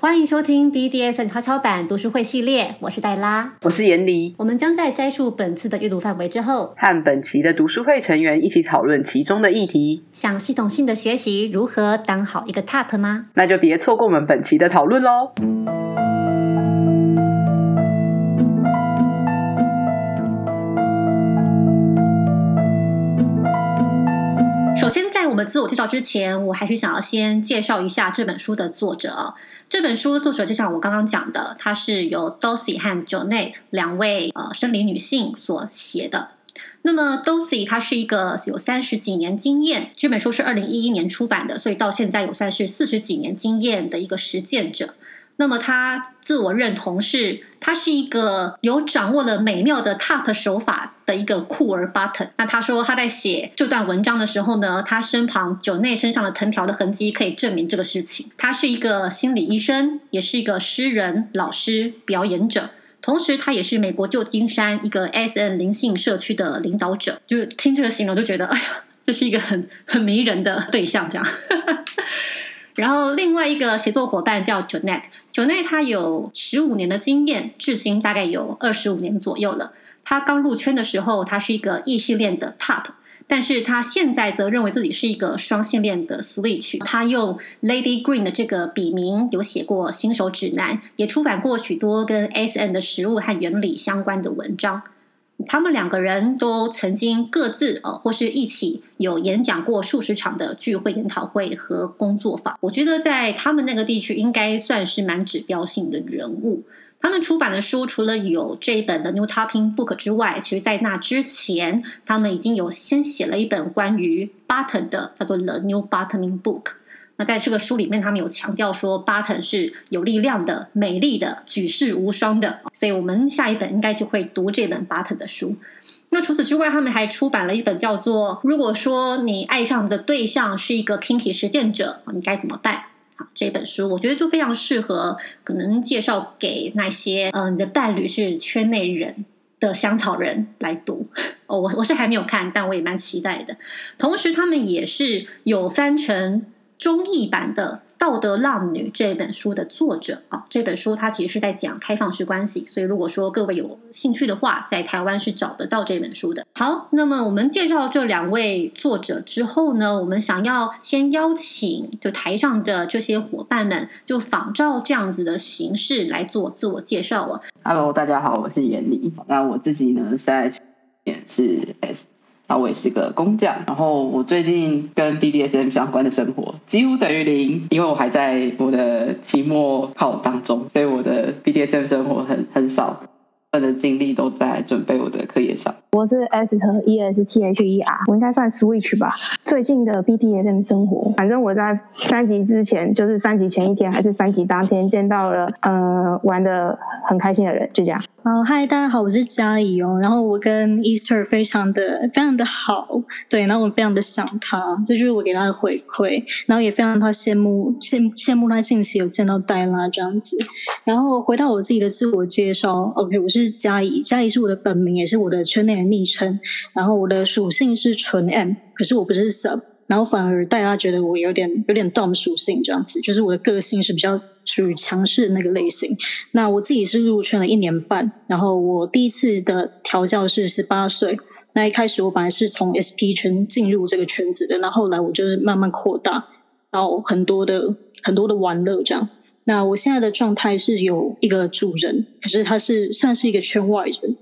歡迎收聽 BDSM 超超版讀書會系列，我是黛拉，我是炎璃。我們將在摘述本次的閱讀範圍之後，和本期的讀書會成員一起討論其中的議題。想系統性的學習如何當好一個 TOP 嗎？那就別錯過我們本期的討論嘍。首先，在我們自我介紹之前，我還是想要先介紹一下這本書的作者。這本書作者就像我剛剛講的，它是由 Dossie 和 Janet 兩位呃生理女性所寫的。那麼 Dossie 她是一個有三十幾年經驗，這本書是二零一一年出版的，所以到現在有算是四十幾年經驗的一個實踐者。那麼他自我認同是，他是一個有掌握了美妙的 top 手法的一個酷兒 bottom。那他說他在寫這段文章的時候呢，他身旁酒內身上的藤條的痕迹可以證明這個事情。他是一個心理醫生，也是一個詩人、老師、表演者，同時他也是美國舊金山一個 SM 靈性社區的領導者。就聽這個形容，就覺得，哎呀，這是一個很很迷人的對象，這樣。 然後另外一個協作夥伴叫 Janet，Janet 她有十五年的經驗，至今大概有二十五年左右了。她剛入圈的時候，她是一個異性戀的 Top，但是她現在則認為自己是一個雙性戀的 Switch。她用 Lady Green 的這個筆名，有寫過新手指南，也出版過許多跟 SM 的實務和原理相關的文章。他們兩個人都曾經各自呃，或是一起有演講過數十場的聚會、研討會和工作坊。我覺得在他們那個地區，應該算是蠻指標性的人物。他們出版的書除了有這一本的《The New Topping Book》之外，其實在那之前，他們已經有先寫了一本關於 Bottom 的，叫做《The New Bottoming Book》。那在這個書裡面，他們有強調說，Bottom 是有力量的、美麗的、舉世無雙的，所以我們下一本應該就會讀這本 Bottom 的書。那除此之外，他們還出版了一本叫做《如果說你愛上的對象是一個 kinky 實踐者，你該怎麼辦》好，這本書，我覺得就非常適合可能介紹給那些嗯、呃，你的伴侶是圈內人的香草人來讀。哦，我我是還沒有看，但我也蠻期待的。同時，他們也是有翻成。中譯版的《道德浪女》這本書的作者啊，這本書它其實是在講開放式關係，所以如果說各位有興趣的話，在台灣是找得到這本書的。好，那麼我們介紹這兩位作者之後呢，我們想要先邀請就台上的這些夥伴們，就仿照這樣子的形式來做自我介紹啊。Hello，大家好，我是炎璃。那我自己呢，在也是 S。然後我也是個工匠，然後我最近跟 BDSM 相關的生活幾乎等於零，因為我還在我的期末考當中，所以我的 BDSM 生活很很少。我的精力都在準備我的課業上。我是 S 和 E S T H E R，我應該算 Switch 吧。最近的 BDSM 生活，反正我在三級之前，就是三級前一天還是三級當天見到了，呃，玩得很開心的人，就這樣。哦，嗨，大家好，我是家儀哦。然後我跟 Esther 非常的、非常的好，對，然後我非常的想他，這就是我給他的回饋。然後也非常他羨慕、羨羨慕他近期有見到黛拉這樣子。然後回到我自己的自我介紹，OK，我是。是家儀，家儀是我的本名，也是我的圈內的昵稱。然後我的屬性是純 M，可是我不是 Sub，然後反而大家覺得我有點有點 Dom 屬性這樣子，就是我的個性是比較屬於強勢的那個類型。那我自己是入圈了一年半，然後我第一次的調教是十八歲。那一開始我本來是從 SP 圈進入這個圈子的，那後來我就是慢慢擴大，然後很多的很多的玩樂這樣。那我現在的狀態是有一個主人，可是他是算是一個圈外人。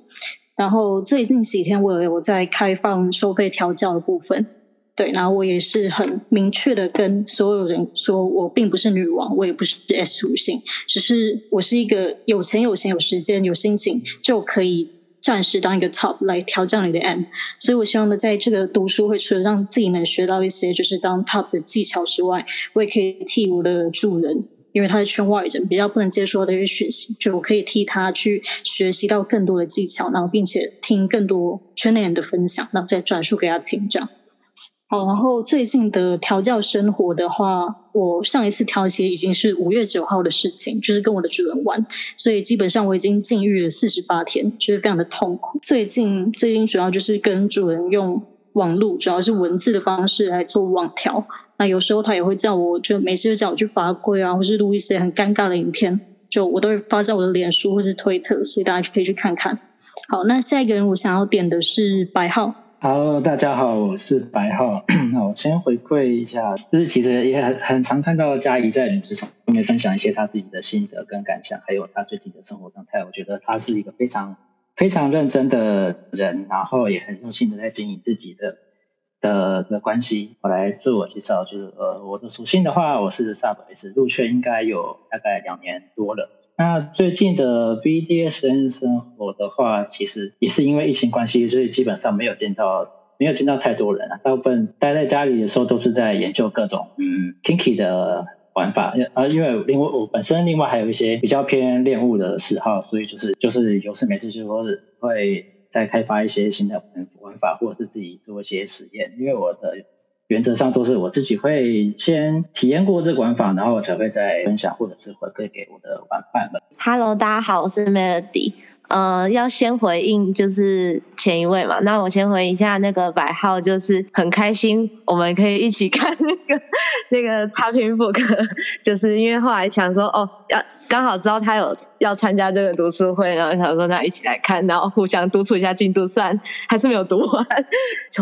然後最近幾天我有在開放收費調教的部分，對，然後我也是很明確的跟所有人說，我並不是女王，我也不是 S 屬性，只是我是一個有錢、有閒、有時間、有心情就可以暫時當一個 Top 來調教你的 M。所以我希望呢，在這個讀書會，除了讓自己能學到一些就是當 Top 的技巧之外，我也可以替我的主人。因為他在圈外人，wide, 比較不能接受他的一些學習，就我可以替他去學習到更多的技巧，然後並且聽更多圈內人的分享，然後再轉述給他聽這樣。好，然後最近的調教生活的話，我上一次調教已經是五月九號的事情，就是跟我的主人玩，所以基本上我已經禁慾了四十八天，就是非常的痛苦。最近最近主要就是跟主人用網絡，主要是文字的方式來做網調。那有時候他也會叫我，就沒事就叫我去罰跪啊，或是錄一些很尷尬的影片，就我都會發在我的臉書或是推特，所以大家就可以去看看。好，那下一個人我想要點的是白皓。Hello，大家好，我是白皓。那 我先回饋一下，就是其實也很很常看到家儀在你們這上面分享一些他自己的心得跟感想，還有他最近的生活狀態。我覺得他是一個非常非常認真的人，然後也很用心的在經營自己的。呃的，的關係，我來自我介紹，就是呃我的屬性的話，我是 s u b，是入圈應該有大概兩年多了。那最近的 BDSM 生活的話，其實也是因為疫情關係，所以就是基本上沒有見到，沒有見到太多人啊。大部分待在家裡的時候，都是在研究各種嗯 Kinky 的玩法。而因為因為我本身另外還有一些比較偏戀物的嗜好，所以就是就是有事沒事就是會。再開發一些新的玩法，或者是自己做一些實驗，因為我的原則上都是我自己會先體驗過這個玩法，然後我才會再分享或者是回饋給我的玩伴們。Hello，大家好，我是 Melody。呃，要先回應就是前一位嘛，那我先回應一下那個白皓，就是很開心我們可以一起看那個那個 Topping Book，就是因為後來想說哦，要剛好知道他有要參加這個讀書會，然後想說那一起來看，然後互相督促一下進度算，算還是沒有讀完。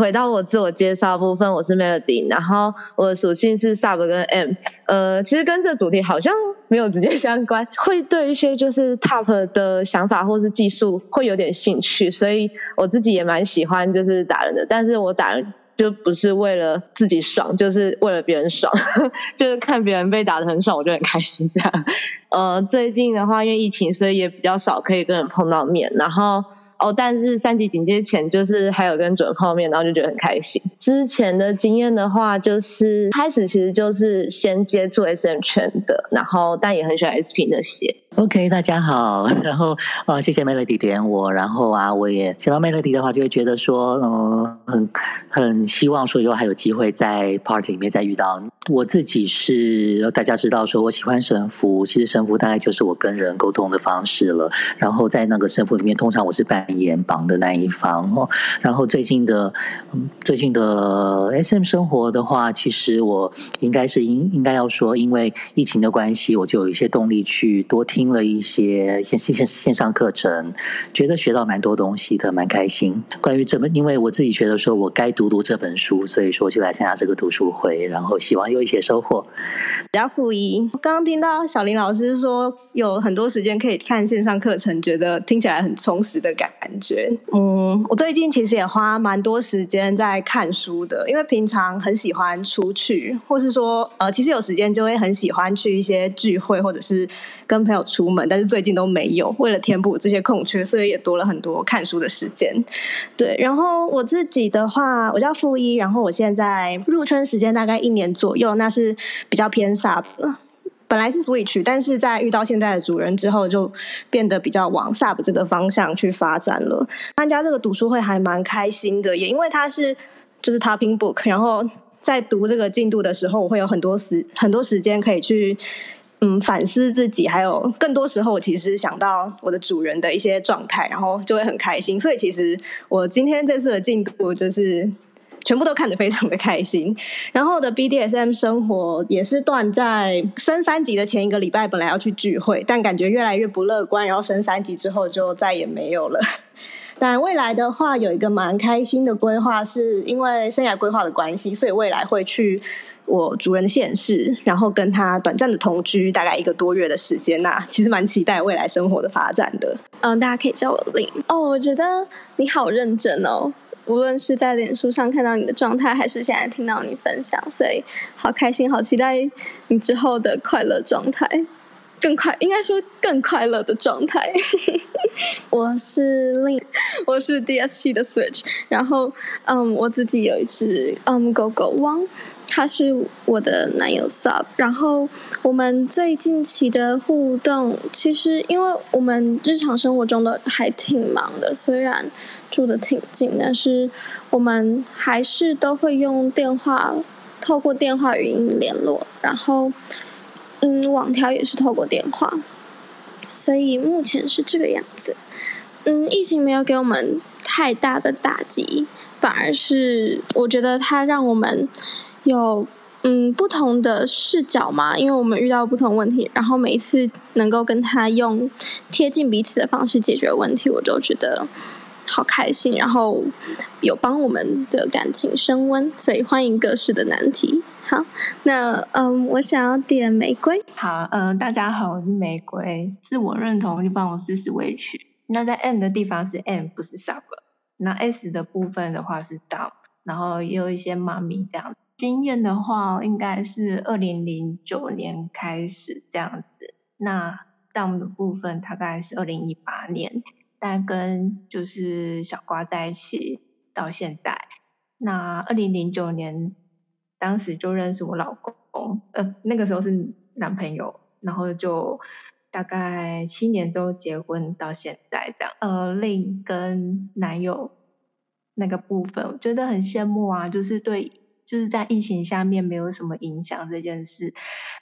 回到我自我介紹部分，我是 Melody，然後我的屬性是 Sub 跟 M，呃，其實跟這主題好像。沒有直接相關，會對一些就是 top 的想法或是技術會有點興趣，所以我自己也蠻喜歡就是打人的，但是我打人就不是為了自己爽，就是為了別人爽， 就是看別人被打得很爽，我就很開心這樣。呃，最近的話因為疫情，所以也比較少可以跟人碰到面，然後。哦，但是三級警戒前就是還有跟主人碰面，然後就覺得很開心。之前的經驗的話，就是開始其實就是先接觸 SM 圈的，然後但也很喜歡 SP 那些。OK，大家好，然後啊，謝謝 Melody 點我，然後啊，我也想到 Melody 的話，就會覺得說，嗯，很很希望說以後還有機會在 party 裡面再遇到。我自己是大家知道，說我喜歡繩縛，其實繩縛大概就是我跟人溝通的方式了。然後在那個繩縛裡面，通常我是扮演綁的那一方哦。然後最近的、嗯、最近的 SM 生活的話，其實我應該是應應該要說，因為疫情的關係，我就有一些動力去多聽。聽了一些線線線上課程，覺得學到蠻多東西的，蠻開心。關於這本，因為我自己覺得說我該讀讀這本書，所以說就來參加這個讀書會，嗯、然後希望有一些收穫。比較富，我叫負壹，剛剛聽到小林老師說有很多時間可以看線上課程，覺得聽起來很充實的感覺。嗯，我最近其實也花蠻多時間在看書的，因為平常很喜歡出去，或是說呃，其實有時間就會很喜歡去一些聚會，或者是跟朋友。出門，但是最近都沒有。為了填補這些空缺，所以也多了很多看書的時間。對，然後我自己的話，我叫負壹，然後我現在入圈時間大概一年左右，那是比較偏 sub、呃。本來是 switch，但是在遇到現在的主人之後，就變得比較往 sub 這個方向去發展了。參加這個讀書會還蠻開心的，也因為它是就是 Topping Book，然後在讀這個進度的時候，我會有很多時很多時間可以去。嗯，反思自己，還有更多時候，我其實想到我的主人的一些狀態，然後就會很開心。所以，其實我今天這次的進度就是全部都看得非常的開心。然後的 BDSM 生活也是斷在升三級的前一個禮拜，本來要去聚會，但感覺越來越不樂觀。然後升三級之後就再也沒有了。但未來的話，有一個蠻開心的規劃，是因為生涯規劃的關係，所以未來會去。我主人的現世，然後跟他短暫的同居，大概一個多月的時間，啊、其實蠻期待未來生活的發展的。嗯、哦，大家可以叫我 Lin 哦。我覺得你好認真哦，無論是在臉書上看到你的狀態，還是現在聽到你分享，所以好開心，好期待你之後的快樂狀態，更快應該說更快樂的狀態。 我是 Lin，我是 DSC 的 Switch，然後嗯，我自己有一隻嗯狗狗汪。他是我的男友 sub，然後我們最近期的互動，其實因為我們日常生活中都還挺忙的，雖然住得挺近，但是我們還是都會用電話，透過電話語音聯絡，然後嗯網調，也是透過電話，所以目前是這個樣子。嗯，疫情沒有給我們太大的打擊，反而是我覺得它讓我們。有嗯，不同的視角嘛，因為我們遇到不同問題，然後每一次能夠跟他用貼近彼此的方式解決問題，我都覺得好開心，然後有幫我們的感情升溫，所以歡迎各式的難題。好，那嗯，我想要點玫瑰。好，呃，大家好，我是玫瑰，自我認同就幫我試試 switch。那在 M 的地方是 M，不是 sub，那 S 的部分的話是 Dom，然後也有一些媽咪這樣。經驗的話，應該是二零零九年開始這樣子。那 Dom 的部分大概是二零一八年，但跟就是小瓜在一起到現在。那二零零九年當時就認識我老公，呃，那個時候是男朋友，然後就大概七年之後結婚到現在這樣。呃，Lin 跟男友那個部分，我覺得很羨慕啊，就是對。就是在疫情下面沒有什麼影響這件事，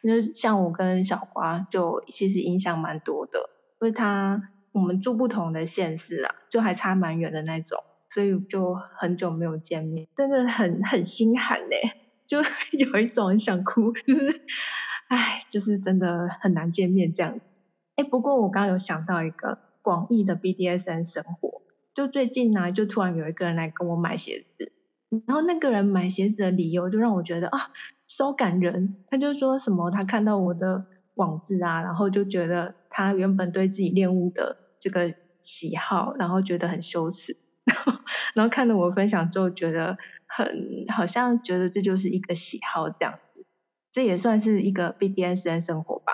那像我跟小花就其實影響蠻多的，因為他，我們住不同的縣市啊，就還差蠻遠的那種，所以就很久沒有見面，真的很很心寒嘞，就有一種想哭，就是，哎，就是真的很難見面這樣。哎，不過我剛剛有想到一個廣義的 BDSM 生活，就最近呢，就突然有一個人來跟我買鞋子。然後那個人買鞋子的理由就讓我覺得啊，稍感人。他就說什麼他看到我的網誌啊，然後就覺得他原本對自己戀物的這個喜好，然後覺得很羞恥，然後，然後看了我分享之後，覺得很好像覺得這就是一個喜好這樣子，這也算是一個 BDSM 生活吧。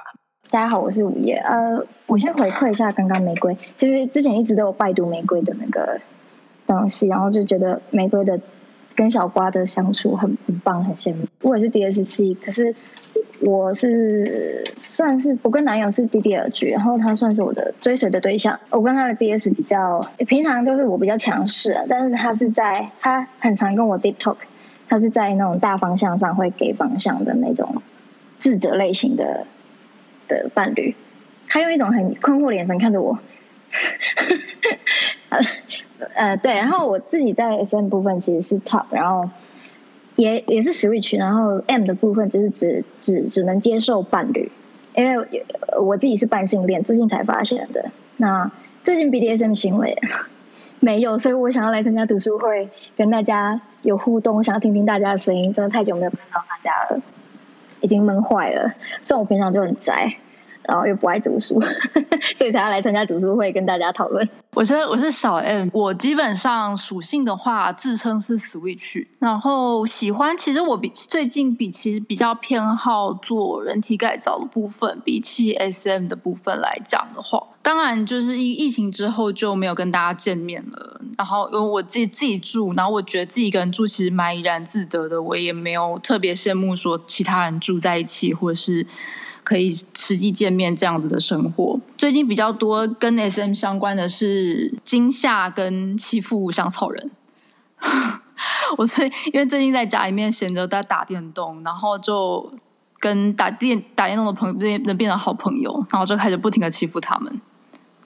大家好，我是午夜，呃，我先回饋一下剛剛玫瑰，其實之前一直都有拜讀玫瑰的那個東西，然後就覺得玫瑰的。跟小瓜的相處很很棒，很羨慕。我也是 D S C，可是我是算是我跟男友是 DDLG，然後他算是我的追隨的對象。我跟他的 D S 比較平常都是我比較強勢啊，但是他是在他很常跟我 deep talk，他是在那種大方向上會給方向的那種智者類型的的伴侶。他用一種很困惑的眼神看着我。 呃，對，然後我自己在 SM 部分其實是 Top，然後也也是 Switch，然後 M 的部分就是只只只能接受伴侶，因為我自己是半性戀，最近才發現的。那最近 BDSM 行為沒有，所以我想要來參加讀書會，跟大家有互動，想要聽聽大家的聲音，真的太久沒有看到大家了，已經悶壞了。算我平常就很宅。然後、哦、又不愛讀書， 所以才要來參加讀書會跟大家討論。我是我是小 M，我基本上屬性的話自稱是 Switch，然後喜歡其實我比最近比其實比較偏好做人體改造的部分，比起 SM 的部分來講的話，當然就是疫疫情之後就沒有跟大家見面了。然後因為我自己自己住，然後我覺得自己一個人住其實蠻怡然自得的，我也沒有特別羨慕說其他人住在一起或者是。可以實際見面這樣子的生活。最近比較多跟 S M 相關的是驚嚇跟欺負香草人。 我最因為最近在家裡面閒着都在打電動，然後就跟打電打電動的朋友的的的變能變成好朋友，然後就開始不停的欺負他們，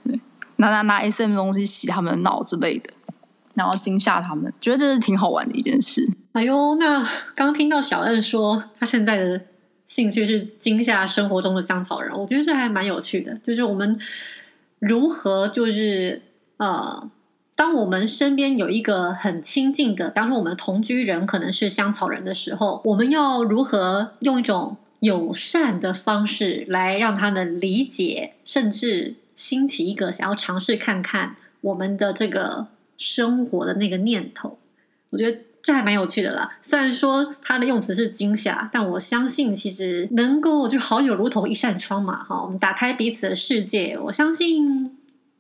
對拿拿拿 S M 的東西洗他們的腦之類的，然後驚嚇他們，覺得這是挺好玩的一件事。哎呦，那剛聽到小恩說他現在的。興趣是驚嚇生活中的香草人，我覺得這還蠻有趣的。就是我們如何，就是呃，當我們身邊有一個很親近的，比方說我們同居人可能是香草人的時候，我們要如何用一種友善的方式來讓他們理解，甚至興起一個想要嘗試看看我們的這個生活的那個念頭？我覺得。這還蠻有趣的啦，雖然說它的用詞是驚嚇，但我相信其實能夠就好友如同一扇窗嘛，哈，我們打開彼此的世界，我相信，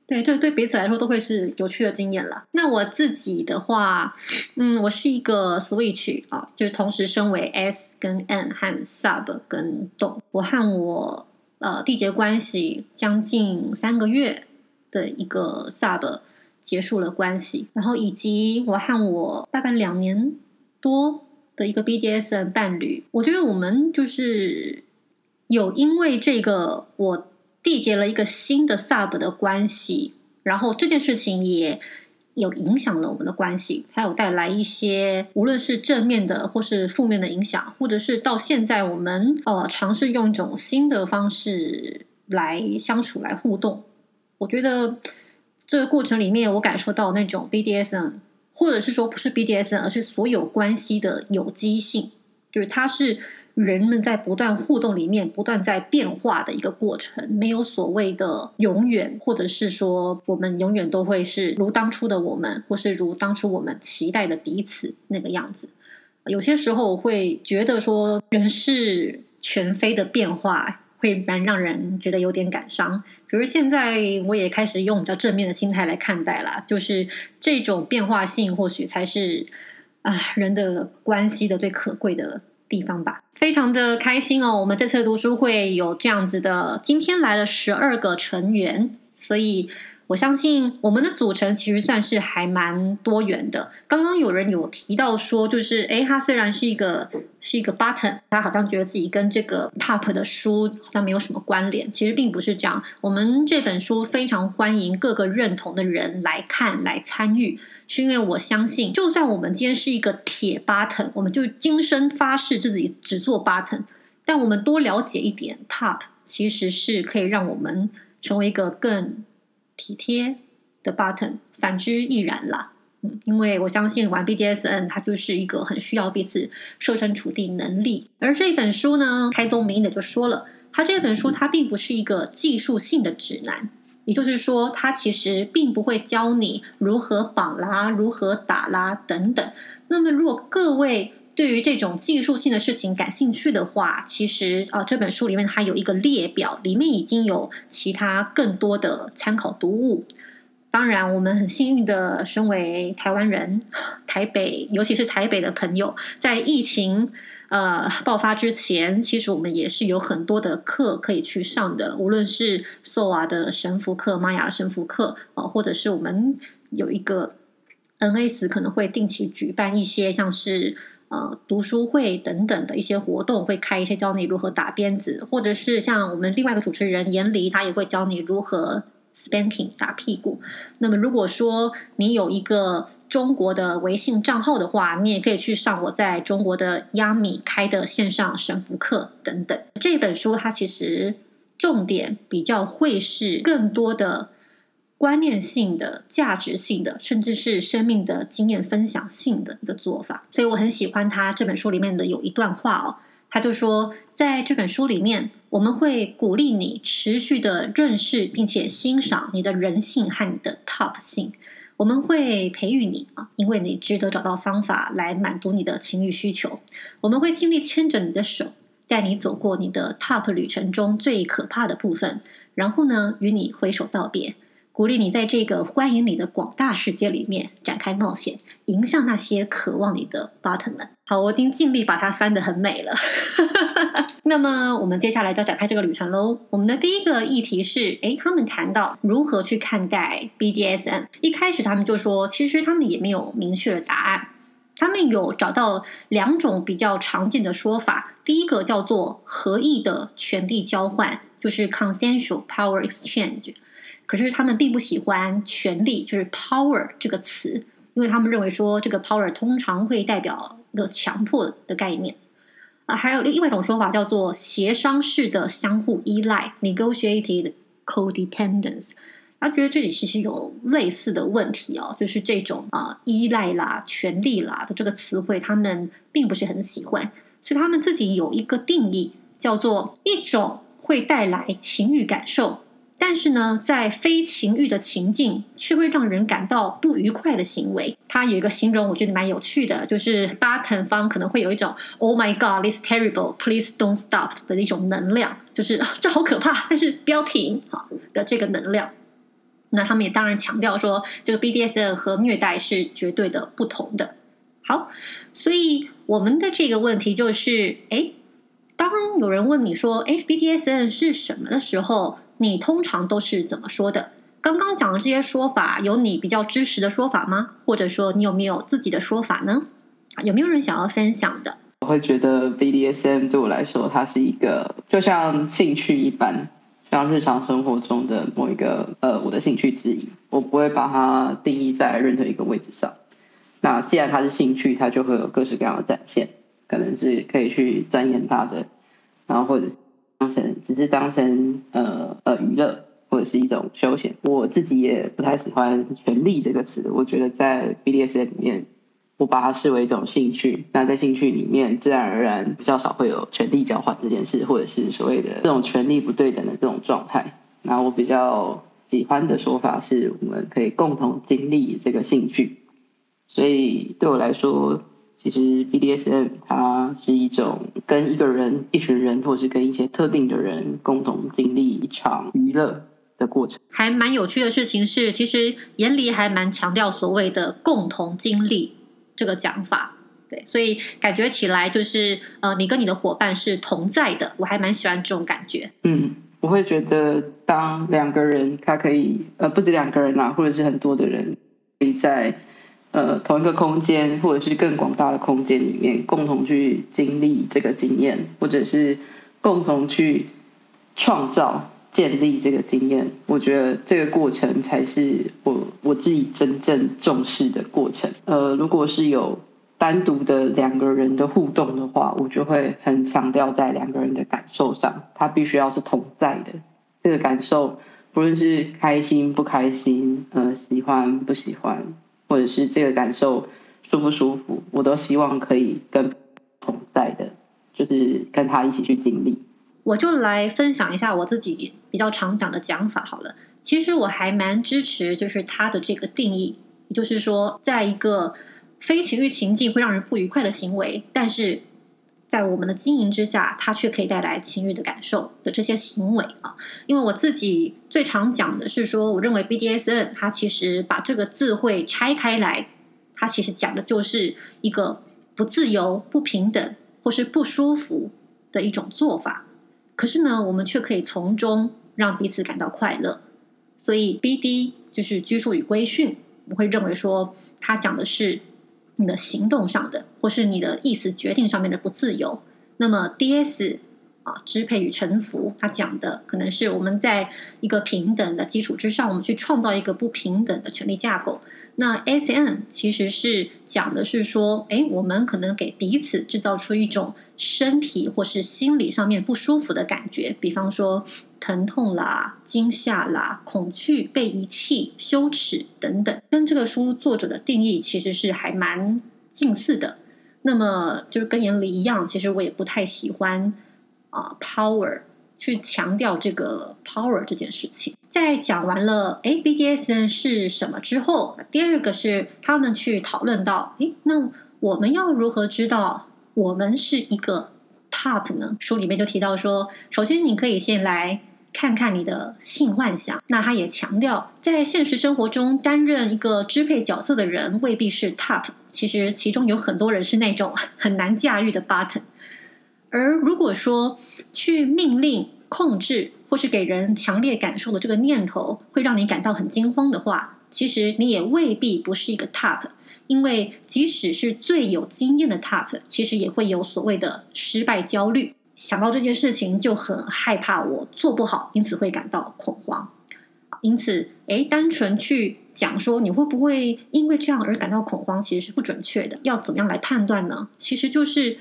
對這對彼此來說都會是有趣的經驗啦。那我自己的話，嗯，我是一個 switch 啊，就是同時身為 S 跟 M 和 Sub 跟 Dom。我和我呃締結關係將近三個月的一個 Sub。結束了關係，然後以及我和我大概兩年多的一個 BDSM 伴侶，我覺得我們就是有因為這個我締結了一個新的 sub 的關係，然後這件事情也有影響了我們的關係，還有帶來一些無論是正面的或是負面的影響，或者是到現在我們呃嘗試用一種新的方式來相處、來互動，我覺得。這個過程裡面，我感受到那種 BDSM，或者是說不是 BDSM，而是所有關係的有機性，就是它是人們在不斷互動裡面不斷在變化的一個過程，沒有所謂的永遠，或者是說我們永遠都會是如當初的我們，或是如當初我們期待的彼此那個樣子。有些時候我會覺得說人事全非的變化。會蠻讓人覺得有點感傷，可是現在我也開始用比較正面的心態來看待啦，就是這種變化性或許才是啊、呃、人的關係的最可貴的地方吧。非常的開心哦，我們這次讀書會有這樣子的，今天來了十二個成員，所以。我相信我們的組成其實算是還蠻多元的。剛剛有人有提到說，就是哎，他雖然是一個是一個 Bottom，他好像覺得自己跟這個 TOP 的書好像沒有什麼關聯。其實並不是這樣，我們這本書非常歡迎各個認同的人來看來參與，是因為我相信，就算我們今天是一個鐵 Bottom，我們就今生發誓自己只做 Bottom。但我們多了解一點 TOP，其實是可以讓我們成為一個更。體貼的 bottom，反之亦然啦。嗯，因為我相信玩 BDSM，它就是一個很需要彼此設身處地能力。而這本書呢，開宗明義的就說了，它這本書它並不是一個技術性的指南，也就是說，它其實並不會教你如何綁啦、如何打啦等等。那麼，如果各位。對於這種技術性的事情感興趣的話，其實啊、呃，這本書裡面它有一個列表，裡面已經有其他更多的參考讀物。當然，我們很幸運的，身為台灣人，台北尤其是台北的朋友，在疫情呃爆發之前，其實我們也是有很多的課可以去上的，無論是 Soula 的繩縛課、瑪雅繩縛課，啊、呃，或者是我們有一個 NS 可能會定期舉辦一些像是。呃，讀書會等等的一些活動會開一些，教你如何打鞭子，或者是像我們另外一個主持人炎璃，他也會教你如何 spanking 打屁股。那麼，如果說你有一個中國的微信賬號的話，你也可以去上我在中國的 Yummy 開的線上繩縛課等等。這本書它其實重點比較會是更多的。觀念性的、價值性的，甚至是生命的經驗分享性的一個做法，所以我很喜歡他這本書裡面的有一段話哦，他就說，在這本書裡面，我們會鼓勵你持續的認識並且欣賞你的人性和你的 top 性，我們會培育你啊，因為你值得找到方法來滿足你的情慾需求，我們會盡力牽着你的手，帶你走過你的 top 旅程中最可怕的部分，然後呢，與你揮手道別。鼓勵你在這個歡迎你的廣大世界裡面展開冒險，迎向那些渴望你的 bottom 們。好，我已經盡力把它翻得很美了。 那麼，我們接下來要展開這個旅程嘍。我們的第一個議題是：哎，他們談到如何去看待 BDSM。一開始，他們就說，其實他們也沒有明確的答案。他們有找到兩種比較常見的說法，第一個叫做合意的權力交換，就是 consensual power exchange。可是他們並不喜歡“權力”就是 “power” 這個詞，因為他們認為說這個 “power” 通常會代表一個強迫的概念啊、呃。還有另外一種說法叫做“協商式的相互依賴 ”（negotiated co-dependence）。他覺得這裡其實有類似的問題哦，就是這種啊、呃、依賴啦、權力啦的這個詞彙，他們並不是很喜歡，所以他們自己有一個定義，叫做一種會帶來情緒感受。但是呢，在非情欲的情境，卻會讓人感到不愉快的行為。它有一個形容，我覺得蠻有趣的，就是 Bottom 方可能會有一種 “Oh my God, it's terrible, please don't stop” 的一種能量，就是這好可怕，但是不要停好的這個能量。那他們也當然強調說，這個 BDSM 和虐待是絕對的不同的。的。好，所以我們的這個問題就是：哎，當有人問你說“誒，BDSM 是什麼”的時候。你通常都是怎麼說的？剛剛講的這些說法，有你比較支持的說法嗎？或者說，你有沒有自己的說法呢？有沒有人想要分享的？我會覺得 BDSM 對我來說，它是一個就像興趣一般，像日常生活中的某一個呃，我的興趣之一。我不會把它定義在任何一個位置上。那既然它是興趣，它就會有各式各樣的展現，可能是可以去鑽研它的，然後或者是。當成只是當成呃呃娛樂或者是一種休閒，我自己也不太喜歡權力這個詞。我覺得在 BDSM 裡面，我把它視為一種興趣。那在興趣裡面，自然而然比較少會有權力交換這件事，或者是所謂的這種權力不對等的這種狀態。那我比較喜歡的說法是，我們可以共同經歷這個興趣。所以對我來說。其實 BDSM 它是一種跟一個人、一群人，或是跟一些特定的人共同經歷一場娛樂的過程。還蠻有趣的事情是，其實炎璃還蠻強調所謂的共同經歷這個講法。對，所以感覺起來就是呃，你跟你的夥伴是同在的。我還蠻喜歡這種感覺。嗯，我會覺得當兩個人，他可以呃，不止兩個人啦、啊，或者是很多的人，可以在。呃，同一個空間，或者是更廣大的空間裡面，共同去經歷這個經驗，或者是共同去創造、建立這個經驗，我覺得這個過程才是我我自己真正重視的過程。呃，如果是有單獨的兩個人的互動的話，我就會很強調在兩個人的感受上，他必須要是同在的這個感受，不論是開心不開心，呃，喜歡不喜歡。或者是這個感受舒不舒服，我都希望可以跟同在的，就是跟他一起去經歷。我就來分享一下我自己比較常講的講法好了。其實我還蠻支持，就是他的這個定義，就是說在一個非情慾情境會讓人不愉快的行為，但是。在我們的經營之下，它卻可以帶來情慾的感受的這些行為啊，因為我自己最常講的是說，我認為 BDSM 它其實把這個字會拆開來，它其實講的就是一個不自由、不平等或是不舒服的一種做法。可是呢，我們卻可以從中讓彼此感到快樂。所以 BD 就是拘束與規訓，我會認為說它講的是。你的行動上的，或是你的意思決定上面的不自由，那麼 D S 啊，支配與臣服，它講的可能是我們在一個平等的基礎之上，我們去創造一個不平等的權力架構。那 S M 其實是講的是說，哎，我們可能給彼此制造出一種身體或是心理上面不舒服的感覺，比方說。疼痛啦，驚嚇啦，恐懼、被遺棄、羞恥等等，跟這個書作者的定義其實是還蠻近似的。那麼，就是跟炎璃一樣，其實我也不太喜歡啊，power 去強調這個 power 這件事情。在講完了哎，BDSM 是什麼之後，第二個是他們去討論到，誒，那我們要如何知道我們是一個 top 呢？書裡面就提到說，首先你可以先來。看看你的性幻想，那他也強調，在現實生活中擔任一個支配角色的人未必是 Top，其實其中有很多人是那種很難駕馭的 Bottom。而如果說去命令、控制或是給人強烈感受的這個念頭會讓你感到很驚慌的話，其實你也未必不是一個 Top，因為即使是最有經驗的 Top，其實也會有所謂的失敗焦慮。想到這件事情就很害怕，我做不好，因此會感到恐慌。因此，哎，單純去講說你會不會因為這樣而感到恐慌，其實是不準確的。要怎麼樣來判斷呢？其實就是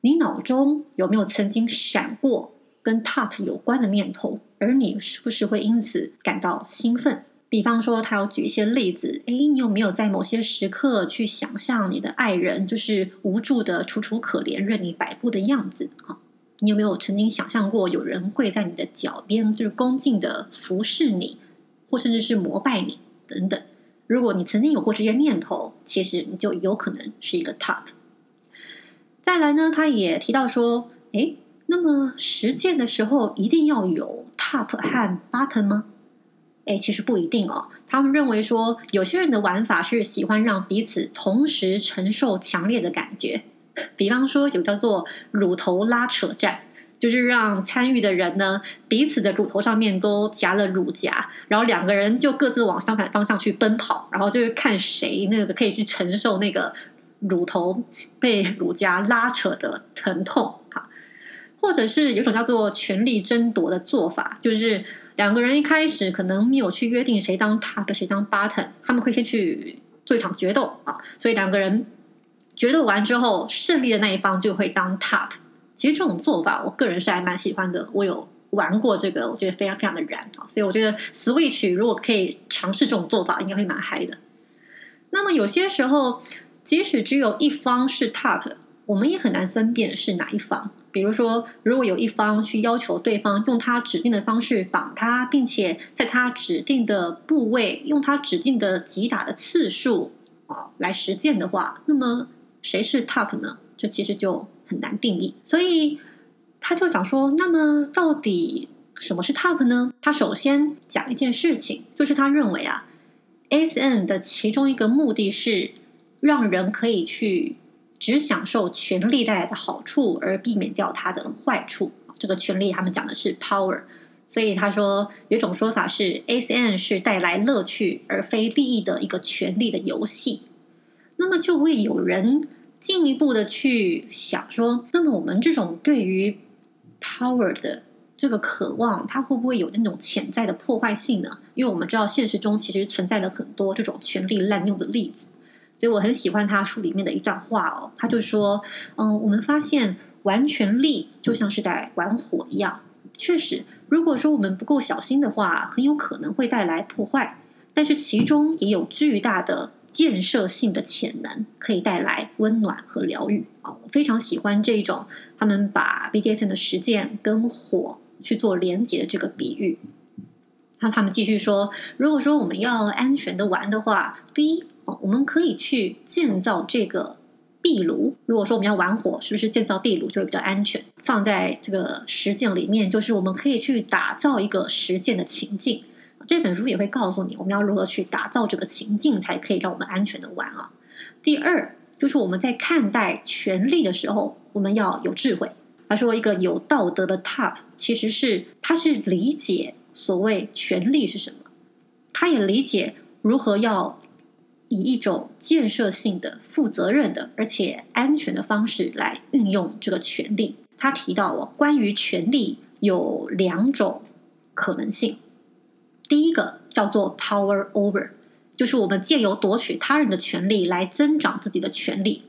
你腦中有沒有曾經閃過跟 top 有關的念頭，而你是不是會因此感到興奮？比方說，他要舉一些例子，哎，你有沒有在某些時刻去想象你的愛人就是無助的、楚楚可憐、任你擺布的樣子啊？你有沒有曾經想象過有人跪在你的腳邊，就是恭敬地服侍你，或甚至是膜拜你等等？如果你曾經有過這些念頭，其實你就有可能是一個 top。再來呢，他也提到說，哎，那麼實踐的時候一定要有 top 和 bottom 嗎？哎，其實不一定哦。他們認為說，有些人的玩法是喜歡讓彼此同時承受強烈的感覺。比方說，有叫做乳頭拉扯戰，就是讓參與的人呢，彼此的乳頭上面都夾了乳夾，然後兩個人就各自往相反方向去奔跑，然後就是看誰那個可以去承受那個乳頭被乳夾拉扯的疼痛啊。或者是有種叫做權力爭奪的做法，就是兩個人一開始可能沒有去約定誰當 top 誰當 bottom，他們會先去做一場決鬥啊，所以兩個人。決鬥完之後，勝利的那一方就會當 top。其實這種做法，我個人是還蠻喜歡的。我有玩過這個，我覺得非常非常的燃啊！所以我覺得 Switch 如果可以嘗試這種做法，應該會蠻嗨的。那麼有些時候，即使只有一方是 top，我們也很難分辨是哪一方。比如說，如果有一方去要求對方用他指定的方式綁他，並且在他指定的部位用他指定的擊打的次數啊，哦，來實踐的話，那麼誰是 top 呢？這其實就很難定義，所以他就想說，那麼到底什麼是 top 呢？他首先講一件事情，就是他認為啊，SM 的其中一個目的是讓人可以去只享受權力帶來的好處，而避免掉它的壞處。這個權力他們講的是 power，所以他說有種說法是 SM 是帶來樂趣而非利益的一個權力的遊戲。那麼就會有人進一步的去想說，那麼我們這種對於 power 的這個渴望，它會不會有那種潛在的破壞性呢？因為我們知道現實中其實存在了很多這種權力濫用的例子，所以我很喜歡他書裡面的一段話哦，他就說：“嗯，我們發現玩權力就像是在玩火一樣，確實，如果說我們不夠小心的話，很有可能會帶來破壞，但是其中也有巨大的。”建設性的潛能，可以帶來溫暖和療癒啊！我非常喜歡這種他們把 BDSM 的實踐跟火去做連接的這個比喻。然後他們繼續說，如果說我們要安全的玩的話，第一，我們可以去建造這個壁爐。如果說我們要玩火，是不是建造壁爐就會比較安全？放在這個實踐裡面，就是我們可以去打造一個實踐的情境。這本書也會告訴你，我們要如何去打造這個情境，才可以讓我們安全的玩啊。第二，就是我們在看待權力的時候，我們要有智慧。他說，一個有道德的 top 其實是，他是理解所謂權力是什麼，他也理解如何要以一種建設性的、負責任的而且安全的方式來運用這個權力。他提到了關於權力有兩種可能性。第一個叫做 power over，就是我們借由奪取他人的權利來增長自己的權利。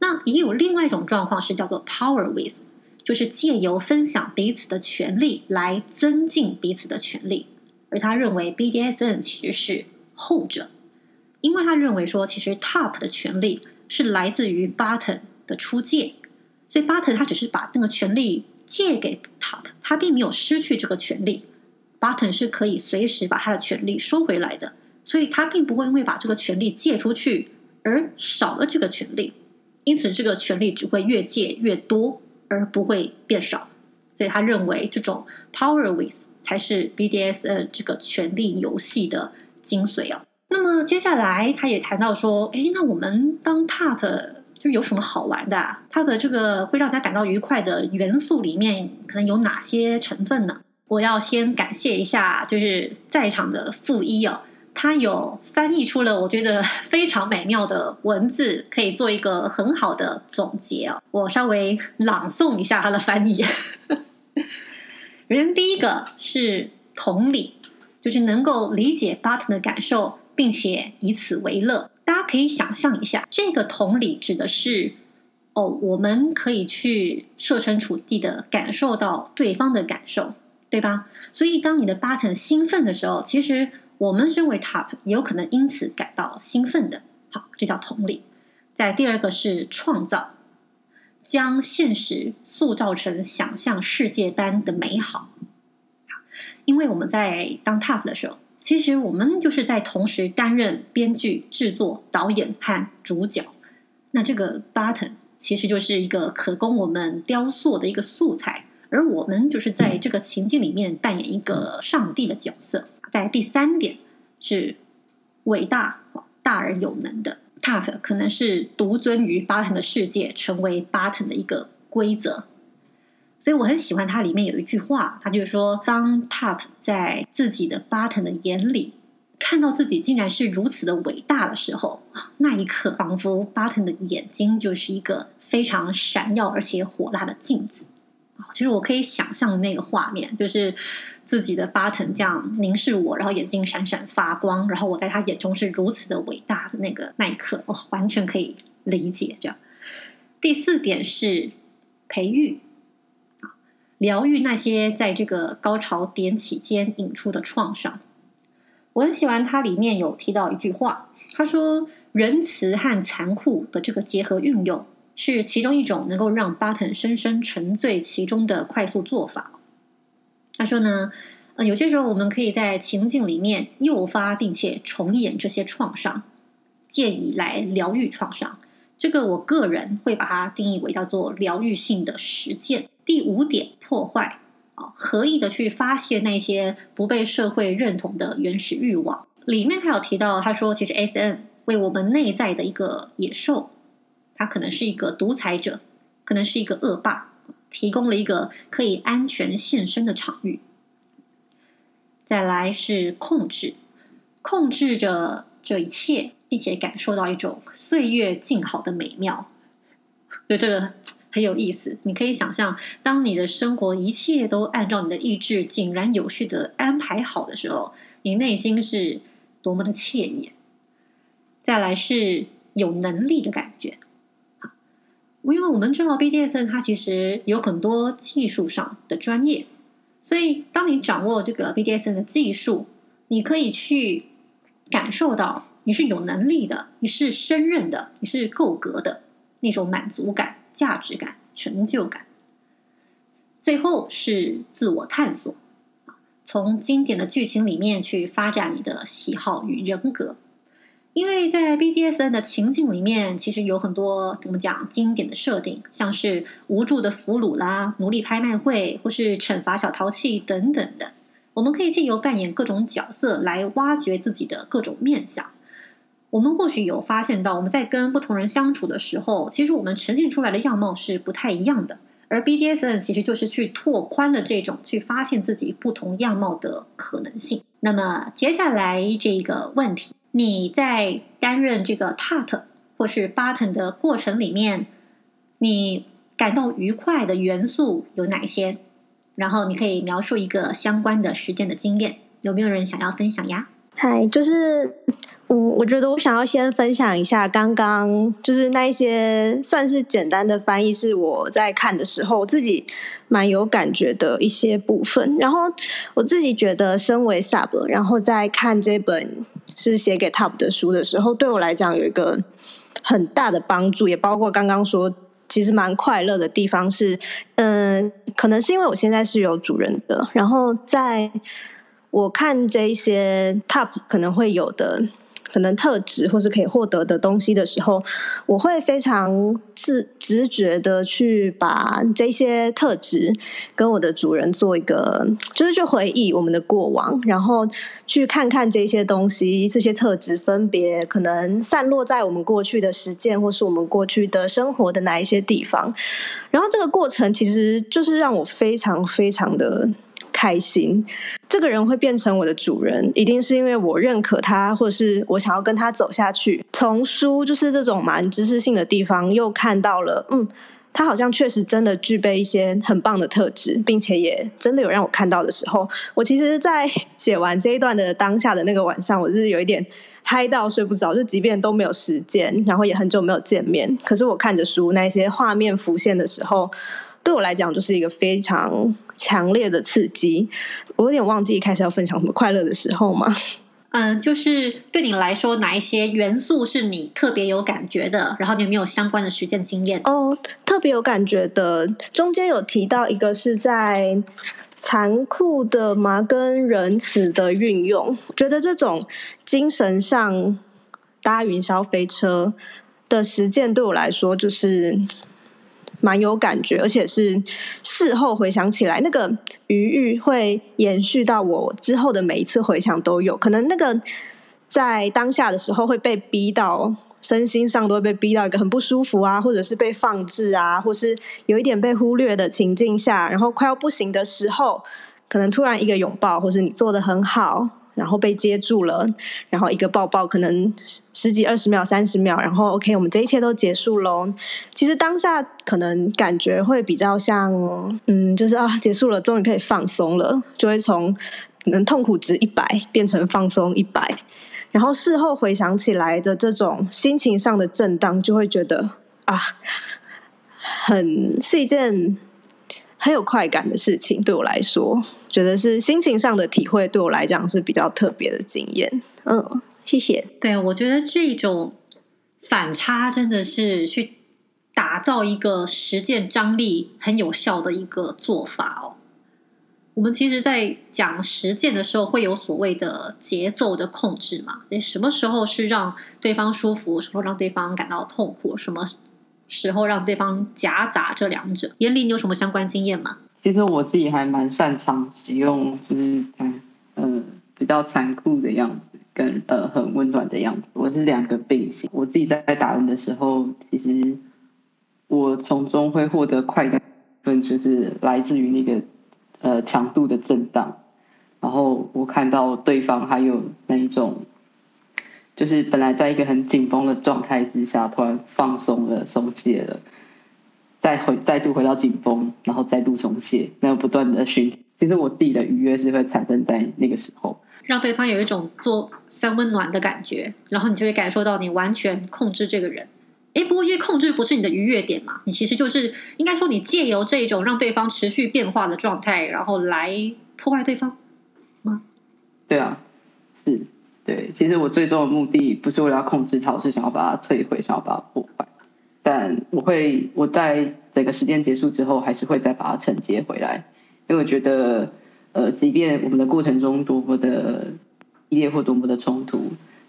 那也有另外一種狀況是叫做 power with，就是借由分享彼此的權利來增進彼此的權利。而他認為 BDSM 其實是後者，因為他認為說其實 top 的權利是來自於 bottom 的出借，所以 bottom 他只是把那個權利借給 top，他並沒有失去這個權利。Martin 是可以隨時把他的權利收回來的，所以他並不會因為把這個權利借出去而少了這個權利，因此這個權利只會越借越多，而不會變少。所以他認為這種 power with 才是 BDSN 這個權利遊戲的精髓哦、啊。那麼接下來他也談到說，誒，那我們當 Tap 就有什麼好玩的、啊？Tap 這個會讓他感到愉快的元素裡面，可能有哪些成分呢、啊？我要先感謝一下，就是在場的負壹哦，他有翻譯出了我覺得非常美妙的文字，可以做一個很好的總結哦。我稍微朗誦一下他的翻譯。首先，第一個是同理，就是能夠理解 Bottom 的感受，並且以此為樂。大家可以想象一下，這個同理指的是哦，我們可以去設身處地的感受到對方的感受。對吧？所以當你的 bottom 興奮的時候，其實我們身為 top 也有可能因此感到興奮的。好，這叫同理。在第二個是創造，將現實塑造成想象世界般的美好。好，因為我們在當 top 的時候，其實我們就是在同時擔任編劇、制作、導演和主角。那這個 bottom 其實就是一個可供我們雕塑的一個素材。而我們就是在這個情境裡面扮演一個上帝的角色。在、嗯嗯、第三點是偉大、大而有能的 Top，可能是獨尊於 Bottom 的世界，成為 Bottom 的一個規則。所以我很喜歡他裡面有一句話，他就是說：“當 Top 在自己的 Bottom 的眼裡看到自己竟然是如此的偉大的時候，那一刻仿佛 Bottom 的眼睛就是一個非常閃耀而且火辣的鏡子。”其實我可以想象那個畫面，就是自己的巴 n 這樣凝視我，然後眼睛閃閃發光，然後我在他眼中是如此的偉大。的那個那一刻，我、哦、完全可以理解。這樣，第四點是培育啊，療癒那些在這個高潮點起間引出的創傷。我很喜歡它裡面有提到一句話，他說仁慈和殘酷的這個結合運用，是其中一種能夠讓巴 n 深深沉醉其中的快速做法。他說呢，呃，有些時候我們可以在情境裡面誘發並且重演這些創傷，借以來療癒創傷。這個我個人會把它定義為叫做療癒性的實踐。第五點，破壞啊，合意的去發洩那些不被社會認同的原始慾望。裡面他有提到，他說其實 S N 為我們內在的一個野獸。他可能是一個獨裁者，可能是一個惡霸，提供了一個可以安全現身的場域。再來是控制，控制着這一切，並且感受到一種歲月靜好的美妙。就這個很有意思，你可以想象，當你的生活一切都按照你的意志井然有序的安排好的時候，你內心是多麼的愜意。再來是有能力的感覺。因為我們知道 BDSM 它其實有很多技術上的專業，所以當你掌握這個 BDSM 的技術，你可以去感受到你是有能力的，你是勝任的，你是夠格的，那種滿足感、價值感、成就感。最後是自我探索，從經典的劇情裡面去發展你的喜好與人格。因為在 BDSM 的情境裡面，其實有很多怎麼講經典的設定，像是無助的俘虜啦、奴隸拍賣會，或是懲罰小淘氣等等的。我們可以借由扮演各種角色來挖掘自己的各種面向。我們或許有發現到，我們在跟不同人相處的時候，其實我們呈現出來的樣貌是不太一樣的。而 BDSM 其實就是去拓寬了這種去發現自己不同樣貌的可能性。那麼接下來這個問題。你在擔任這個 top 或是 bottom 的過程裡面，你感到愉快的元素有哪些？然後你可以描述一個相關的實踐的經驗。有沒有人想要分享呀？嗨，就是嗯，我覺得我想要先分享一下剛剛就是那一些算是簡單的翻譯，是我在看的時候我自己蠻有感覺的一些部分。然後我自己覺得，身為 sub，然後再看這本。是寫給 TOP 的書的時候，對我來講有一個很大的幫助，也包括剛剛說其實蠻快樂的地方是，嗯、呃，可能是因為我現在是有主人的，然後在我看這一些 TOP 可能會有的。可能特質或是可以獲得的東西的時候，我會非常自直覺的去把這些特質跟我的主人做一個，就是去回憶我們的過往，然後去看看這些東西、這些特質分別可能散落在我們過去的實踐或是我們過去的生活的哪一些地方。然後這個過程其實就是讓我非常非常的。開心，這個人會變成我的主人，一定是因為我認可他，或者是我想要跟他走下去。從書就是這種蠻知識性的地方，又看到了，嗯，他好像確實真的具備一些很棒的特質，並且也真的有讓我看到的時候。我其實，在寫完這一段的當下的那個晚上，我就是有一點嗨到睡不着，就即便都沒有時間，然後也很久沒有見面，可是我看着書，那些畫面浮現的時候。對我來講，就是一個非常強烈的刺激。我有點忘記一開始要分享什麼快樂的時候嘛。嗯、呃，就是對你來說，哪一些元素是你特別有感覺的？然後你有沒有相關的實踐經驗？哦，特別有感覺的，中間有提到一個是在殘酷的麻跟仁慈的運用，覺得這種精神上搭雲霄飛車的實踐，對我來說就是。蠻有感覺，而且是事後回想起來，那個餘韻會延續到我之後的每一次回想都有。可能那個在當下的時候會被逼到身心上都會被逼到一個很不舒服啊，或者是被放置啊，或是有一點被忽略的情境下，然後快要不行的時候，可能突然一個擁抱，或者你做得很好。然後被接住了，然後一個抱抱，可能十十幾二十秒，三十秒，然後 OK，我們這一切都結束嘍。其實當下可能感覺會比較像，嗯，就是啊，結束了，終於可以放鬆了，就會從可能痛苦值一百變成放鬆一百。然後事後回想起來的這種心情上的震盪，就會覺得啊，很是一件很有快感的事情，對我來說。覺得是心情上的體會，對我來講是比較特別的經驗。嗯，謝謝。對，我覺得這一種反差真的是去打造一個實踐張力很有效的一個做法哦。我們其實，在講實踐的時候，會有所謂的節奏的控制嘛，你什麼時候是讓對方舒服，什麼時候讓對方感到痛苦，什麼時候讓對方夾雜這兩者？炎璃你有什麼相關經驗嗎？其實我自己還蠻擅長使用，就是慘，呃，比較殘酷的樣子跟呃很溫暖的樣子，我是兩個並行。我自己在打人的時候，其實我從中會獲得快感，分就是來自於那個呃強度的震盪，然後我看到對方還有那一種，就是本來在一個很緊繃的狀態之下，突然放鬆了、鬆懈了。再回再度回到頂峰，然後再度鬆懈，那不斷的循。其實我自己的愉悅是會產生在那個時候，讓對方有一種做三溫暖的感覺，然後你就會感受到你完全控制這個人。哎，不過因為控制不是你的愉悅點嘛，你其實就是應該說，你借由這一種讓對方持續變化的狀態，然後來破壞對方嗎？對啊，是，對，其實我最終的目的不是為了要控制他，我是想要把他摧毀，想要把他破。但我會，我在這個時間結束之後，還是會再把它承接回來，因為我覺得，呃，即便我們的過程中多麼的激烈或多麼的衝突，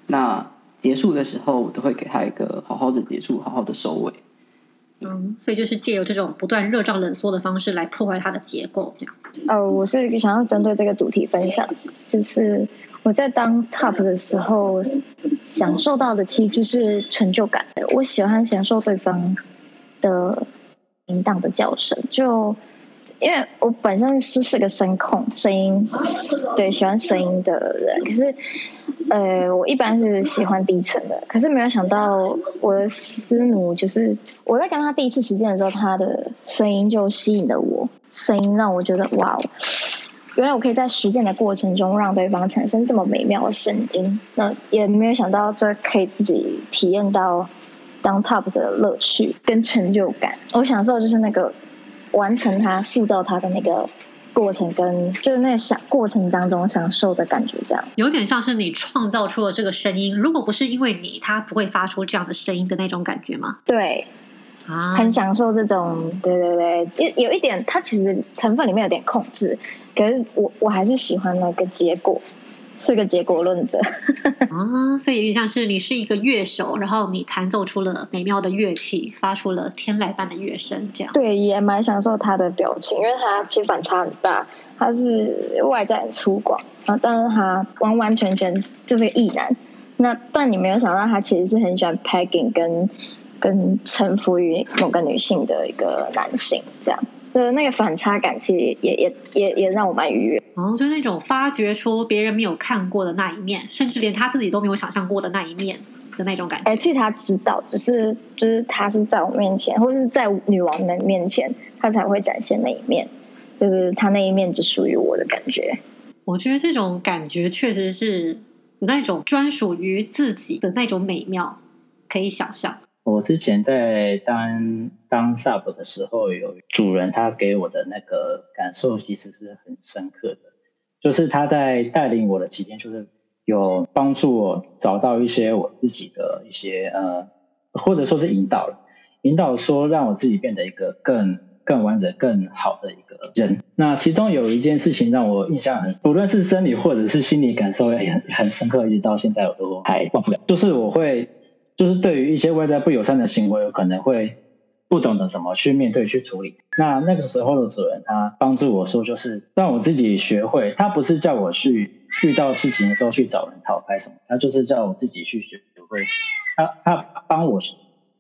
那結束的時候，我都會給他一個好好的結束，好好的收尾。嗯，所以就是借由這種不斷熱脹冷縮的方式來破壞它的結構，這樣。呃，我是想要針對這個主題分享，就是。我在當 top 的時候，享受到的其實就是成就感的。我喜歡享受對方的淫蕩的叫聲，就因為我本身是是個聲控，聲音，對，喜歡聲音的人。可是，呃，我一般是喜歡低沉的。可是沒有想到，我的師奴就是我在跟他第一次實踐的時候，他的聲音就吸引了我，聲音讓我覺得哇哦。原來我可以在實踐的過程中讓對方產生這麼美妙的聲音，那也沒有想到這可以自己體驗到當 top 的樂趣跟成就感。我享受就是那個完成它、塑造它的那個過程，跟就是那個享過程當中享受的感覺，這樣。有點像是你創造出了這個聲音，如果不是因為你，它不會發出這樣的聲音的那種感覺嗎？對。啊、很享受這種，對對對，就有一點，它其實成分裡面有點控制，可是我我還是喜歡那個結果，是個結果論者啊，所以有點像是你是一個樂手，然後你彈奏出了美妙的樂器，發出了天籟般的樂聲，這樣對，也蠻享受他的表情，因為他其實反差很大，他是外在很粗獷啊，但是他完完全全就是個異男，那但你沒有想到他其實是很喜歡 pegging 跟。跟臣服於某個女性的一個男性，這樣，就是那個反差感其實也也也也讓我蠻愉悅。然後、嗯、就是、那種發掘出別人沒有看過的那一面，甚至連他自己都沒有想象過的那一面的那種感覺。哎、欸，其實他知道，只是，就是他是在我面前，或是在女王們面前，他才會展現那一面，就是他那一面只屬於我的感覺。我覺得這種感覺確實是有那種專屬於自己的那種美妙，可以想象。我之前在當當 sub 的時候，有主人，他給我的那個感受其實是很深刻的，就是他在帶領我的幾天，就是有幫助我找到一些我自己的一些呃，或者說是引導了，引導說讓我自己變得一個更更完整、更好的一個人。那其中有一件事情讓我印象很，無論是生理或者是心理感受也很，很深刻，一直到現在我都還忘不了。就是我會。就是對於一些外在不友善的行為，有可能會不懂得怎麼去面對、去處理。那那個時候的主人，他幫助我說，就是讓我自己學會。他不是叫我去遇到事情的時候去找人討拍什麼，他就是叫我自己去學學會。他他幫我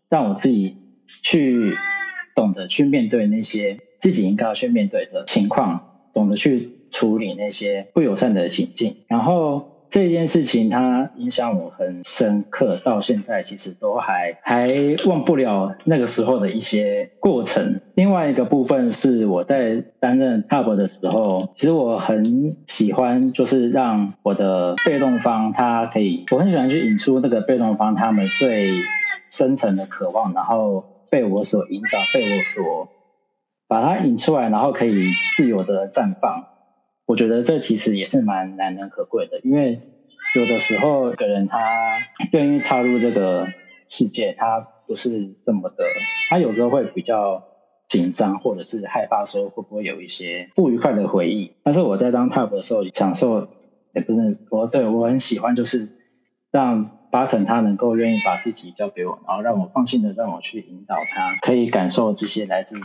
讓我自己去懂得去面對那些自己應該要去面對的情況，懂得去處理那些不友善的情境，然後。這件事情它影響我很深刻，到現在其實都還還忘不了那個時候的一些過程。另外一個部分是我在擔任 Top 的時候，其實我很喜歡，就是讓我的被動方他可以，我很喜歡去引出那個被動方他們最深層的渴望，然後被我所引導，被我所把它引出來，然後可以自由的綻放。我覺得這其實也是蠻難能可貴的，因為有的時候一個人他願意踏入這個世界，他不是這麼的，他有時候會比較緊張，或者是害怕說會不會有一些不愉快的回憶。但是我在當 Top 的時候，享受也、欸、不是。我對我很喜歡，就是讓 Bottom 他能夠願意把自己交給我，然後讓我放心的讓我去引導他，可以感受這些來自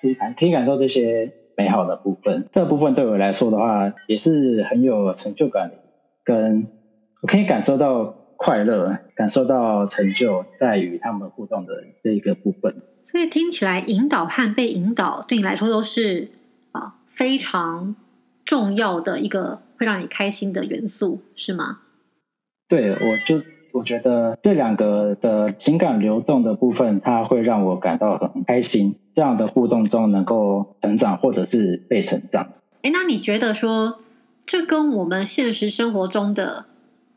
鍵盤，可以感受這些。美好的部分，這個部分對我來說的話，也是很有成就感的，跟我可以感受到快樂，感受到成就，在與他們互動的這一個部分。所以聽起來，引導和被引導對你來說都是啊非常重要的一個會讓你開心的元素，是嗎？對，我就。我覺得這兩個的情感流動的部分，它會讓我感到很開心。這樣的互動中，能夠成長或者是被成長。哎，那你覺得說，這跟我們現實生活中的，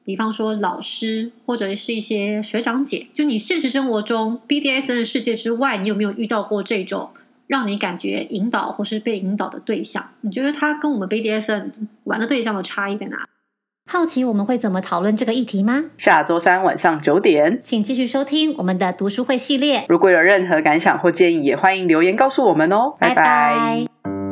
比方說老師或者是一些學長姐，就你現實生活中 BDSM 世界之外，你有沒有遇到過這種讓你感覺引導或是被引導的對象？你覺得他跟我們 BDSM 玩的對象的差異在哪？好奇我們會怎麼討論這個議題嗎？下周三晚上九點，請繼續收聽我們的讀書會系列。如果有任何感想或建議，也歡迎留言告訴我們哦。拜拜。拜拜。